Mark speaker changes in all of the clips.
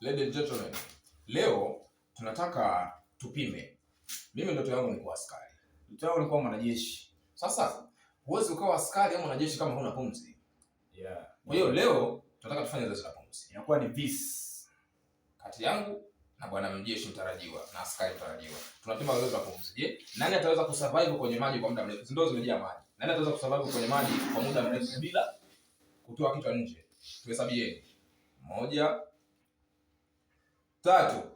Speaker 1: Ladies and gentlemen, leo tunataka tupime. Mimi ndoto yangu ni kuwa askari,
Speaker 2: ndoto yangu ni kuwa mwanajeshi.
Speaker 1: Sasa huwezi ukawa askari au mwanajeshi kama huna pumzi. Yeah. Kwa hiyo leo tunataka tufanye zoezi la pumzi, inakuwa ni peace kati yangu na bwana mjeshi mtarajiwa na askari mtarajiwa. Tunapima zoezi la pumzi. Je, nani ataweza kusurvive kwenye maji kwa muda mrefu? Ndoo zimejaa maji, nani ataweza kusurvive kwenye maji kwa muda mrefu bila kutoa kitu nje? Tuhesabieni moja Portanto, tá,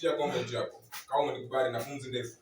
Speaker 3: Shia comment yako. Kama umenikubali na funzi ndefu.